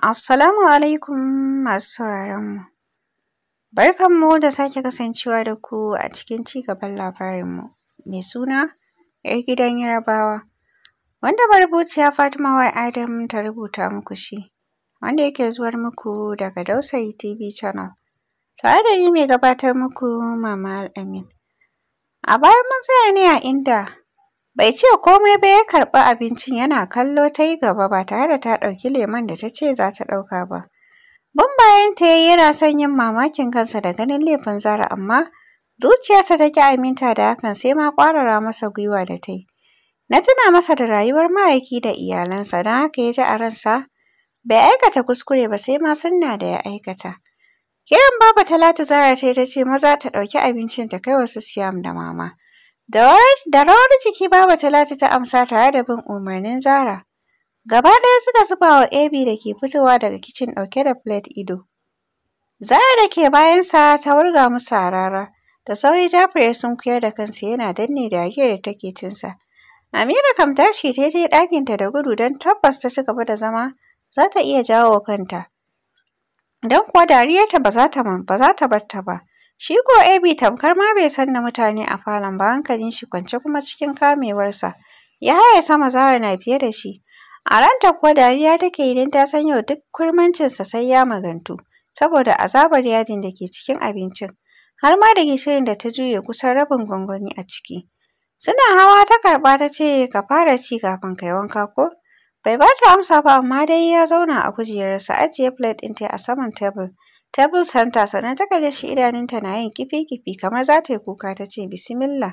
Assalamu alaikum masu sauraronmu. Barkanmu da sake kasancewa da ku a cikin cigaban labarinmu mai suna ‘yar gidan Yarabawa wanda marubuciya Fatima Y Adam ta rubuta muku shi wanda yake zuwar muku daga Dausayi TV Channel tare da ni mai gabatar muku Mama Al-Amin. A baya mun tsaya ne a inda Bai ce komai ba ya karɓi abincin yana kallo ta yi gaba ba tare da ta ɗauki lemon da ta ce za ta ɗauka ba. ban bayanta ya yi yana son yin mamakin kansa da ganin laifin Zara amma zuciyarsa ta ƙi aminta da hakan sai ma ƙwarara masa gwiwa da ta yi. Na tuna masa da rayuwar mahaifi da iyalansa don haka ya ji a ransa bai aikata kuskure ba sai ma sunna da ya aikata. Kiran Baba Talatu Zara ta yi ta ce maza ta ɗauki abincin ta kai wasu Siyam da Mama. Da rawar jiki Baba Talatu ta amsa tare da bin umarnin Zara. Gaba ɗaya suka zuba wa Abby da ke fitowa daga kicin ɗauke da plate ido. Zara da ke bayansa ta wurga musu harara. Da sauri Jafar ya sunkuyar da kansa yana danne dariyar da take cinsa. Amira kam tashi ta je ɗakinta da gudu don tabbas ta ci gaba da zama za ta iya jawo kanta. Don kuwa dariyarta ba za ta bar ta ba. Shi ko AB tamkar ma bai san da mutane a falon ba hankalin shi kwance kuma cikin kamewarsa. Ya haye sama Zara na fiye da shi. A ranta kuwa dariya take idan ta san yau duk kurmancinsa sai ya magantu saboda azabar yajin da ke cikin abincin har ma da gishirin da ta juye kusan rabin gwangwani a ciki. Suna hawa ta karɓa ta ce ka fara ci kafin kai wanka ko? Bai ba ta amsa ba amma dai ya zauna a kujerar kujerarsa ajiye plate ɗin ta a saman tebur table center sannan ta kalle shi idanunta na yin kifi-kifi kamar za ta yi kuka ta ce bismillah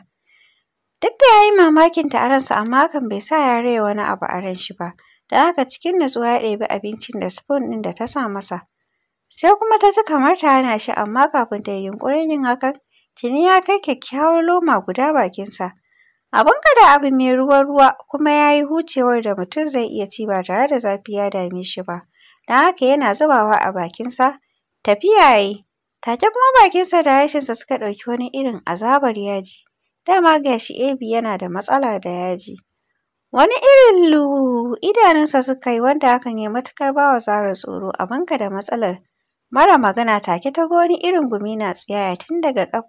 duk da ya yi mamakin ta a amma hakan bai sa ya raya wani abu a ran shi ba don haka cikin natsuwa ya ɗebi abincin da spoon ɗin da ta sa masa sai kuma ta ji kamar ta hana shi amma kafin ta yi yunƙurin yin hakan tuni ya kai kyakkyawar loma guda bakinsa abin kada abu mai ruwa-ruwa kuma ya yi hucewar da mutum zai iya ci ba tare da zafi ya dame shi ba don haka yana zubawa a bakinsa Tafiya ya yi, take kuma bakinsa da sa suka ɗauki wani irin azabar yaji, dama ga shi Ebi yana da matsala da yaji. Wani irin luhu idanunsa suka yi wanda hakan ya matuƙar ba wa Zara tsoro, ka da matsalar mara magana take ta ga wani irin gumi na tsayaya tun daga ƙaf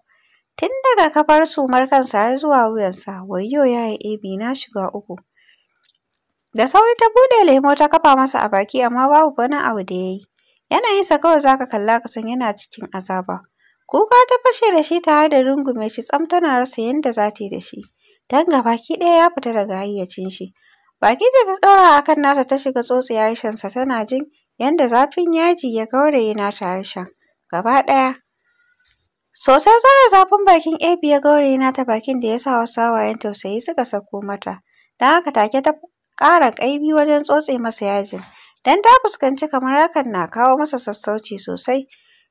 tun daga kafar sumar kansa har zuwa wuyansa, wayyo yaya Ebi na shiga uku. Da sauri ta buɗe lemo ta kafa masa a baki amma babu wani abu da ya yi. yanayinsa kawai zaka kalla ka san yana cikin azaba. Kuka ta fashe da shi tare da rungume shi tsam tana rasa yanda za ta yi da shi, don baki ɗaya ya fita daga hayyacin shi. Baki da ta ɗora a kan nasa ta shiga tsotsiya harshensa tana jin yanda zafin yaji ya gauraye nata harshen gaba ɗaya. Sosai zara zafin bakin Abby ya gauraye nata bakin da ya sa wasu hawayen tausayi suka sauko mata, don haka take ta ƙara ƙaimi wajen tsotse masa yajin. don ta fuskanci kamar hakan na kawo masa sassauci sosai.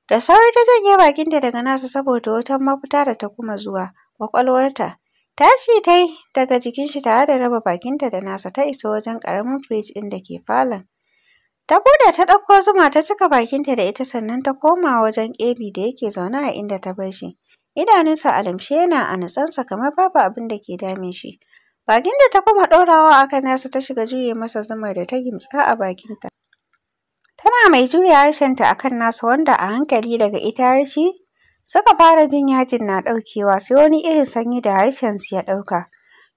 Da sauri ta janye bakinta daga nasa saboda wata mafita da ta kuma zuwa ƙwaƙwalwarta. Tashi ta yi daga jikin shi tare da raba bakinta da nasa ta isa wajen ƙaramin firij ɗin da ke falon. Ta buɗe ta ɗauko zuma ta cika bakinta da ita sannan ta koma wajen ƙebi da yake zaune a inda ta bar shi. Idanunsa a limshe yana a natsansa kamar babu abin da ke damun shi. Bakin da ta kuma ɗorawa a kan nasa ta shiga juye masa zumar da ta gimtsa a bakinta. Tana mai juya harshenta a kan nasa wanda a hankali daga ita harshe suka fara jin yajin na ɗaukewa sai wani irin sanyi da harshen harshensu ya ɗauka,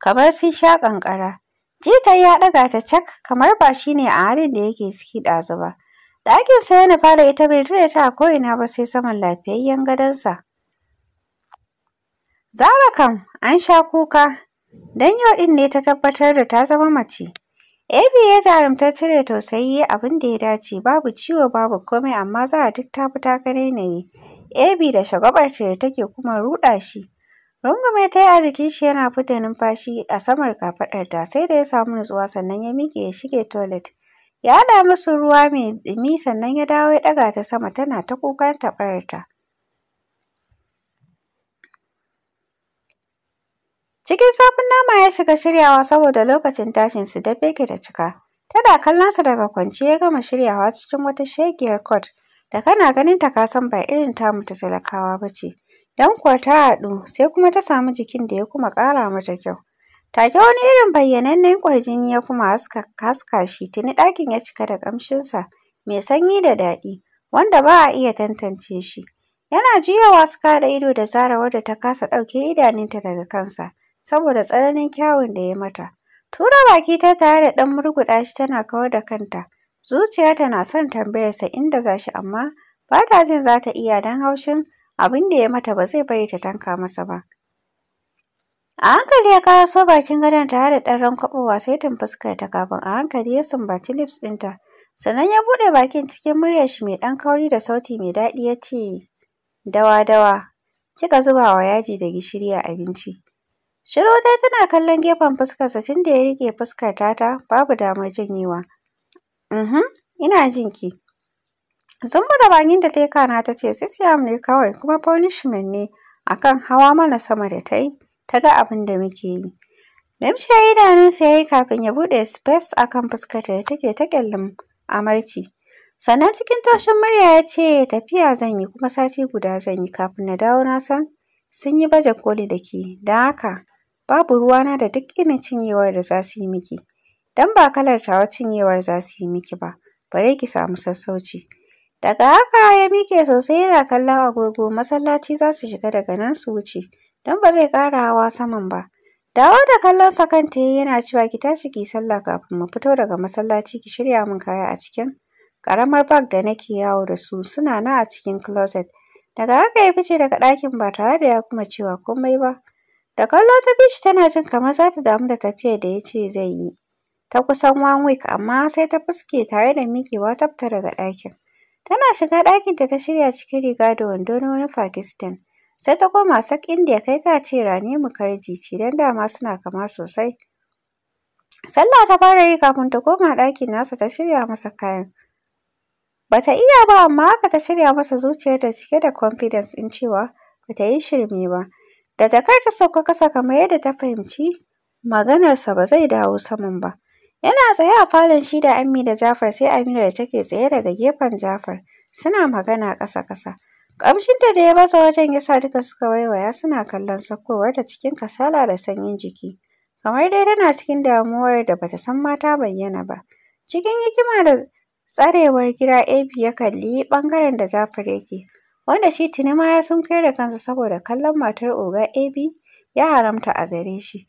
kamar sun sha ƙanƙara. Jita ya ɗaga ta cak kamar ba shi ne a halin da yake ciki ɗazu ba. Ɗakinsa ya nufa ita bai dure ta a ko'ina ba sai saman lafiyayyen gadonsa. Zara kam an sha kuka. Don yau ɗin ne ta tabbatar da ta zama mace. Abby ya jarumta cire tausayi ya abin da ya dace babu ciwo babu komai amma za a duk ta fi ta yi. Abby da shagabarta da take kuma ruɗa shi. Rungume ta yi a jikin shi yana fita numfashi a samar kafaɗarta sai da ya samu nutsuwa sannan ya miƙe ya shige toilet. Ya haɗa musu ruwa mai ɗumi sannan ya dawo ya ɗaga ta sama tana ta kukan taɓararta. Cikin safin nama ya shiga shiryawa saboda lokacin tashin su da yake da cika. Tana kallon sa daga kwance ya gama shiryawa cikin wata shegiyar coat da kana ganin ta ka san ba irin ta ta talakawa ba ce. Dan kuwa ta haɗu sai kuma ta samu jikin da ya kuma ƙara mata kyau. Take wani irin bayyanannen kwarjini ya kuma haska shi tuni ɗakin ya cika da ƙamshinsa mai sanyi da daɗi wanda ba a iya tantance shi. Yana juyowa suka haɗa ido da Zara wadda ta kasa ɗauke idanunta daga kansa. saboda tsananin kyawun da ya mata. Tura baki ta tare da ɗan murguɗa shi tana kawar da kanta. Zuciya na son tambayarsa inda za shi amma ba ta jin za ta iya don haushin abin da ya mata ba zai bari ta tanka masa ba. A hankali ya karaso bakin gadon tare da ɗan rankwaɓowa sai tun fuskarta kafin a hankali ya sumbaci lips ɗinta. Sannan ya buɗe bakin cikin muryar shi mai ɗan kauri da sauti mai daɗi ya ce, Dawa dawa, kika zuba wa yaji da gishiri a abinci. Shiru dai tana kallon gefen fuskarsa tunda ya riƙe fuskar tata babu damar janyewa. Uhum, ina jin ki. Zumbura bakin da ta yi kana ta ce sisiyam ne kawai kuma punishment ne akan hawa mana sama da ta yi ta ga abin da muke yi. ya Namshe idanunsa ya yi kafin ya buɗe space akan fuskarta da take ta ƙyallin amarci. Sannan cikin taushin murya ya ce tafiya zan yi kuma sati guda zan yi kafin na dawo na san sun yi baje koli da ke don haka babu ruwana da duk irin cinyewar da za su yi miki, don ba kalar tawa cinyewar za su yi miki ba, bare ki samu sassauci. Daga haka ya miƙe sosai yana kallon agogo masallaci za su shiga daga nan su wuce, don ba zai ƙara hawa saman ba. Dawo da kallonsa kan ta yi yana cewa ki tashi ki sallah kafin mu fito daga masallaci ki shirya min kaya a cikin ƙaramar bag da nake yawo da su suna na a cikin closet. Daga haka ya fice daga ɗakin ba tare da ya kuma cewa komai ba. Da kallo ta bi shi tana jin kamar za ta damu da tafiyar da ya ce zai yi. Ta kusan one week amma sai ta fuske tare da miƙewa ta fita daga ɗakin. Tana shiga ɗakinta ta shirya cikin riga da wando na wani Pakistan. Sai ta koma sak India kai ka ce Rani Mukherjee cidan don dama suna kama sosai. Sallah ta fara yi kafin ta koma ɗakin nasa ta shirya masa kayan. Bata iya ba amma haka ta shirya masa zuciyar zuciyarta cike da confidence in cewa bata yi shirme ba. Da jakar ta sauka kasa kamar yadda ta fahimci maganarsa ba zai dawo saman ba. Yana tsaye a falon shi da Ammi da Jafar sai aminu da take tsaye daga gefen Jafar suna magana ƙasa-ƙasa. Ƙamshinta da ya baza wajen ya sa duka suka waiwaya suna kallon saukowar ta cikin kasala da sanyin jiki. Kamar dai tana cikin damuwar da bata san mata bayyana ba. Cikin hikima da tsarewar gida Ab ya kalli ɓangaren da Jafar yake. wanda shi tuni ma ya sunkuyar da kansa saboda kallon matar oga AB ya haramta a gare shi.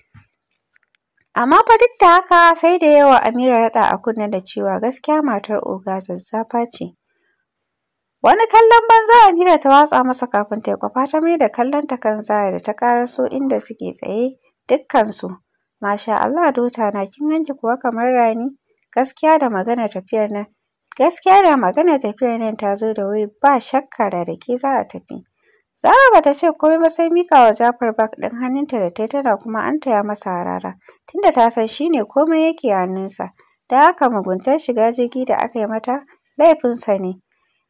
Amma fa duk da haka sai da yawa Amira raɗa a kunne da cewa gaskiya matar oga zazzafa ce. Wani kallon banza Amira ta watsa masa kafin ta yi kwafa ta mai da kallon ta kan Zara da ta ƙaraso inda suke tsaye dukkansu. Masha Allah dota na kin ganki kuwa kamar rani, gaskiya da maganar tafiyar nan Gaskiya da magana tafiyar nan ta zo da wuri ba shakka da da za a tafi. Zara ba ta ce komai ba sai miƙa wa Jafar Bak ɗin hannunta da ta yi tana kuma an taya masa harara tunda ta san shi ne komai yake hannunsa. da haka muguntar shiga jirgi da aka yi mata laifinsa ne.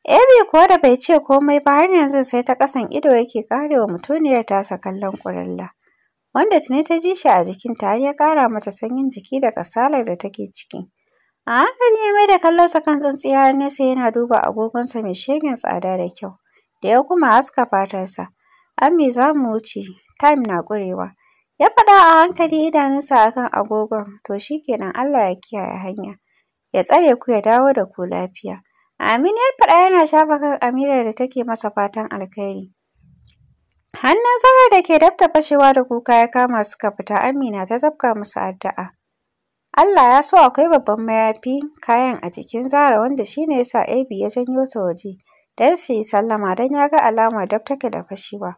Amy kuwa da bai ce komai ba har yanzu sai ta ƙasan ido yake kare wa mutuniyar tasa kallon ƙurilla. Wanda tuni ta ji shi a jikinta har ya kara mata sanyin jiki da kasalar da take ciki. A hankali ya maida sa kan tsintsiya har nesa yana duba agogonsa mai shegen tsada da kyau, da ya kuma haska fatarsa. ami za mu wuce, time na kurewa. Ya faɗa a hankali idanunsa a kan agogon, to shi kenan Allah ya kiyaye hanya, ya tsare ku ya dawo da ku lafiya. Amin ya faɗa yana shafa kan Amirar da take masa fatan alkhairi. Hannun Zahra da ke dab da fashewa da kuka ya kama suka fita, Amina ta zabga musu addu'a. Allah ya so akwai babban mayafi kayan a jikin Zara wanda shi ne ya sa Abby ya janyo ta waje don su yi sallama don ya ga alamar dab take da fashewa.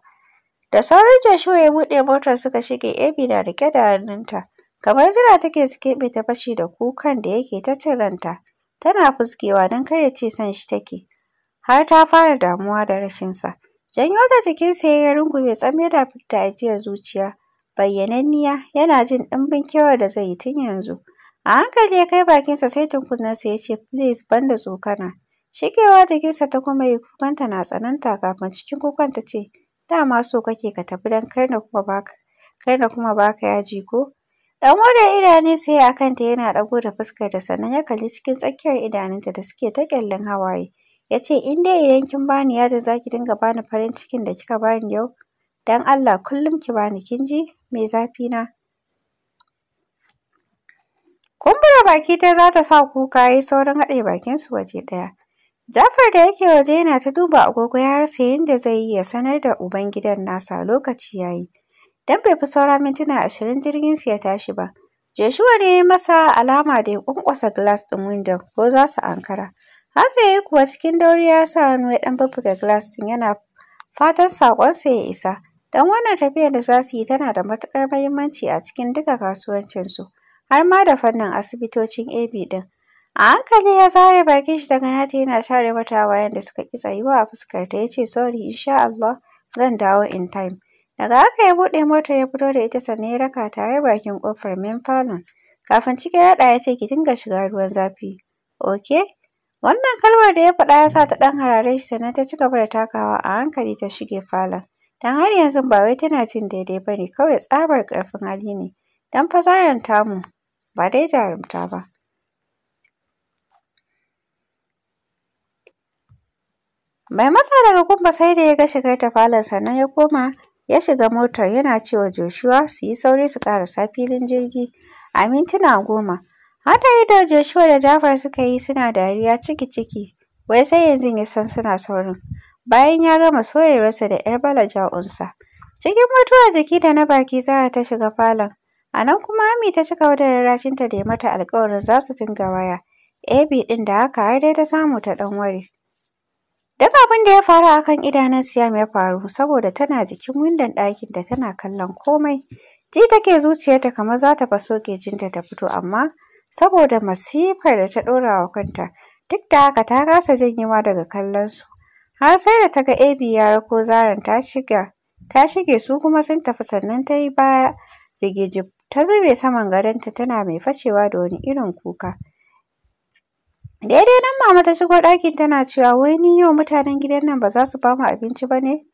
Da sauran Joshua ya buɗe motar suka shige Abby na riƙe da hannunta. Kamar jira take su keɓe ta fashi da kukan da yake ta cin ranta. Tana fuskewa don kar ya ce son shi take. Har ta fara damuwa da rashinsa. Janyo ta jikinsa ya yi rungume tsame da fidda ajiyar zuciya. bayyananniya, yana jin ɗumbin kewar da zai yi tun yanzu. A hankali ya kai bakinsa sai tunkunnensa ya ce please banda tsokana. Shigewa jikinsa ta kuma yi kukanta na tsananta kafin cikin kukan ta ce dama so kake ka tafi don kar na kuma baka kar na kuma baka yaji ko. Ɗan idanu sai a kanta yana ɗago da fuskar da sannan ya kalli cikin tsakiyar idanunta da suke ta ƙyallen hawaye. Ya ce in dai idan kin bani yajin za ki dinga bani farin cikin da kika bani yau. Don Allah kullum ki bani kin ji? mai zafi na kumbura baki ta za sa kuka ya yi saurin haɗe bakinsu waje ɗaya Jafar da yake waje yana ta duba agogo ya rasa yadda zai yi ya sanar da uban gidan nasa lokaci ya yi. Don bai fi saura mintuna ashirin jirgin su ya tashi ba. Joshua ne ya masa alama da ya ƙwanƙwasa glass ɗin windo ko za su ankara. Haka ya yi kuwa cikin dauri ya sa hannu ya ɗan bubbuga gilas ɗin yana fatan sakonsa ya isa. Don wannan tafiyar da za su yi tana da matuƙar muhimmanci a cikin duka kasuwancinsu, har ma da fannin asibitocin AB ɗin. A hankali ya zare bakin shi daga nata yana share mata wayan da suka ƙi tsayuwa a fuskarta ya ce sorry insha Allah zan dawo in time. Daga haka ya buɗe motar ya fito da ita sannan ya raka tare bakin ƙofar main falon. Kafin cikin raɗa ya ce ki dinga shiga ruwan zafi. Ok? Wannan kalmar da ya faɗa ya sa ta ɗan harare shi sannan ta ci gaba da takawa a hankali ta shige falon. don har yanzu ba wai tana jin daidai ba ne kawai tsabar ƙarfin hali ne don fa Zaran tamu ba dai jarumta ba. Bai matsa daga gun sai da ya ga shigar ta falon sannan ya koma ya shiga motar yana cewa Joshua su yi sauri su ƙarasa filin jirgi a mintuna goma. Haɗa ido Joshua da Jafar suka yi suna dariya ciki-ciki wai sai yanzu ya san suna saurin. bayan ya gama soyewarsa da ‘yar balaja'unsa. Cikin mutuwar jiki da na baki za ta shiga falon. A nan kuma Ami ta cika da rarracinta da ya mata alƙawarin za su dinga waya. Ebi ɗin da haka har dai ta samu ta ɗan ware. Duk abin da ya faru a kan idanun Siyam ya faru saboda tana jikin windon da tana kallon komai. Ji take zuciyarta kamar za ta faso ƙirjinta ta fito amma saboda masifar da ta ɗora wa kanta duk da haka ta kasa janyewa daga kallonsu. Har sai da ta ga Abby ya rako Zaran ta shiga, ta shige su kuma sun tafi sannan ta yi baya rigijib. Ta zube saman garin ta tana mai fashewa da wani irin kuka. Daidai nan mama ta shigo ɗakin tana cewa wai ni yau mutanen gidan nan ba za su ba mu abinci ba ne?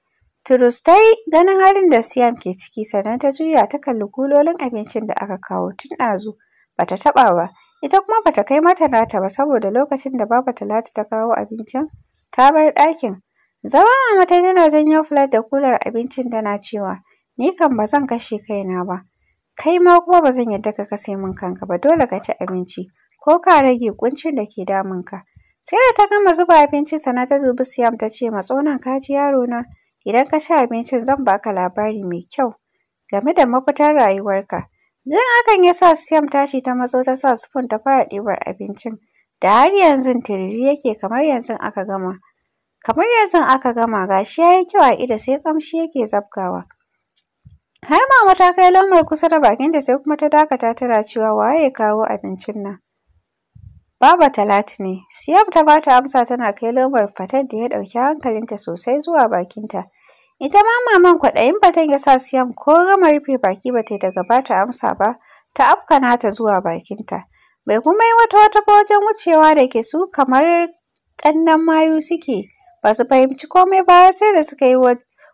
Turus ta yi ganin halin da Siyam ke ciki sannan ta juya ta kalli kulolin abincin da aka kawo tun ɗazu ba ta taɓa ba. Ita kuma ba ta kai mata nata ba saboda lokacin da Baba Talatu ta kawo abincin ta bar ɗakin. Zama mama ta tana janyo fulat da kular abincin tana cewa, ni kam ba zan kashe kaina ba. Kai ma kuma ba zan yarda ka kashe min kanka ba, dole ka ci abinci, ko ka rage ƙuncin da ke ka. Sai da ta gama zuba abincin sannan ta dubi Siyam ta ce, matso nan ka ji na. idan ka ci abincin zan baka labari mai kyau game da mafitar rayuwarka. Jin hakan ya sa Siyam tashi ta matso ta sa spoon ta fara ɗibar abincin. da har yanzu tiriri yake kamar yanzun aka gama kamar yanzun aka gama gashi yayi kyau a ido sai kamshi yake zabkawa har mama ta kai lambar kusa da bakinta sai kuma ta dakata tana cewa waye ya kawo abincin nan Baba Talatu ne. Siyam ta bata amsa tana kai lambar faten da ya ɗauki hankalinta sosai zuwa bakinta. Ita ma maman kwaɗayin faten ya sa Siyam ko gama rufe baki ba ta daga bata amsa ba, ta afkana ta zuwa bakinta. bai kuma yi wata wata ba wajen wucewa da ke su kamar ƙannan mayu suke ba su fahimci komai ba sai da suka yi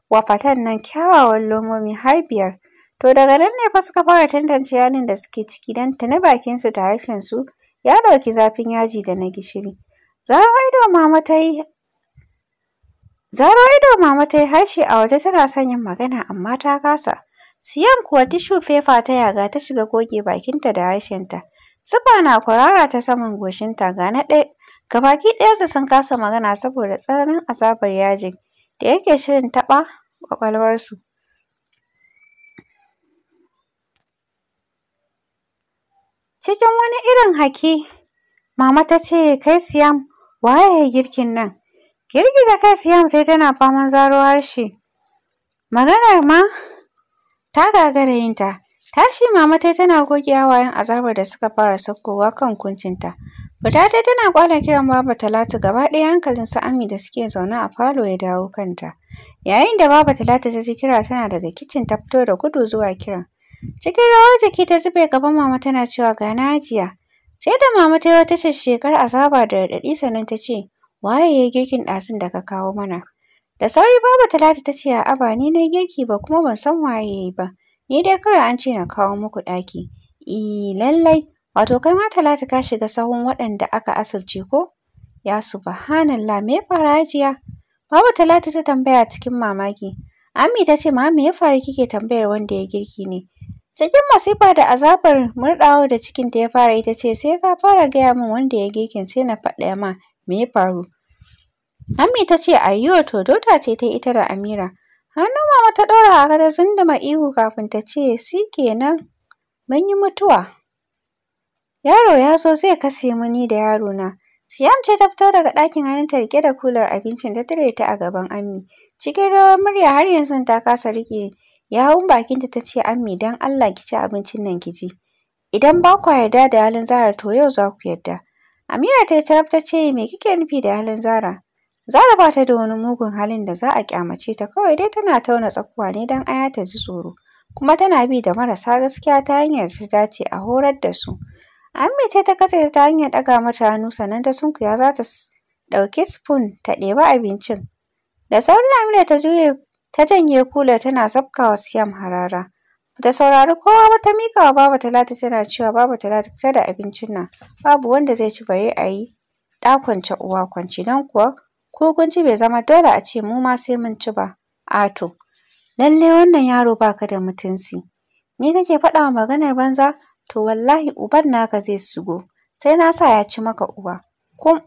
wa fatan nan kyawawan lomomi har biyar to daga nan ne fa suka fara tantance yanin da suke ciki don tuni bakinsu da harshensu ya ɗauki zafin yaji da na gishiri zaro ido mama ta yi harshe a waje tana son yin magana amma ta kasa siyan kuwa tishu fefa ta yaga ta shiga goge bakinta da harshenta Zuba na kwarara ta saman goshinta ga na ɗaya. Gabaki ɗayansu sun kasa magana saboda tsananin azabar yajin da yake shirin taɓa ƙwaƙwalwarsu. Cikin wani irin haki, Mama ta ce, kai Siyam, waye ya girkin nan? Girgiza kai Siyam sai tana faman zaro harshe. Maganar ma ta gagara yinta. Tashi mama ta tana goge hawayen azabar da suka fara saukowa kan kuncinta. Fita ta tana kwana kiran Baba Talatu gaba ɗaya hankalin su Ami da suke zaune a falo ya dawo kanta. Yayin da Baba Talatu ta ji kira tana daga kicin ta fito da gudu zuwa kiran. Cikin rawar jiki ta zube gaban mama tana cewa ga najiya Sai da mama ta yi wata shekar azaba da raɗaɗi sannan ta ce waye ya girkin ɗasin da ka kawo mana. Da sauri Baba Talatu ta ce a'a ba ni na girki ba kuma ban san waye ya ba. Ni dai kawai an ce na kawo muku ɗaki. I lallai, wato kai ma Talatu ka shiga sahun waɗanda aka asirce ko? Ya subhanallah me fara jiya. Babu Talatu ta tambaya cikin mamaki. Ami ta ce ma me ya faru kike tambayar wanda ya girki ne? Cikin masifa da azabar murɗawa da cikin ta ya fara ita ce sai ka fara gaya min wanda ya girkin sai na faɗa ma me ya faru. ammi ta ce ayyo to Dauda ce ta ita da Amira. Hannun mama wata ɗora a sun dama ihu kafin ta ce si kenan mun yi mutuwa. Yaro ya zo zai kashe mu ni da yarona. Siyam ce ta fito daga ɗakin ta riƙe da kular abincin ta tare ta a gaban Ammi. Cikin rawar murya har yanzu ta kasa riƙe yawun bakinta ta ce Ammi don Allah ki ci abincin nan ki ji. Idan ba ku yarda da halin Zara to yau za ku yarda. Amira ta yi caraf ta ce me kike nufi da halin Zara? Zara ba ta da wani mugun halin da za a kyamace ta kawai dai tana tauna tsakuwa ne don Aya ta ji tsoro kuma tana bi da marasa gaskiya ta hanyar ta dace a horar da su. An ce ta katse ta hanyar ɗaga mata hannu sannan ta sunkuya za ta ɗauki spoon ta ɗeba abincin. Da sauri Amina ta juye ta janye kula tana wa Siyam harara. Bata saurari kowa ba ta miƙa wa Baba Talatu tana cewa Baba Talatu fita da abincin nan babu wanda zai ci bari a yi ɗakon kwance uwa kwance don kuwa ko kun ci bai zama dole a ce mu ma sai mun ci ba ato lallai wannan yaro baka da mutunci ni kake faɗa wa maganar banza to wallahi uban naka zai shigo sai na sa ya ci maka uba kum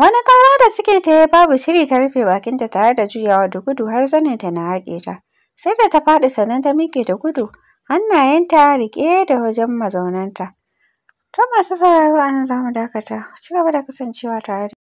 wani kara da cike ta yi babu shiri ta rufe bakinta tare da juyawa da gudu har ta na haɗe ta sai da ta faɗi sannan ta miƙe da gudu hannayenta riƙe da wajen mazaunanta ta masu sauraro a nan za mu dakata ci gaba da kasancewa tare da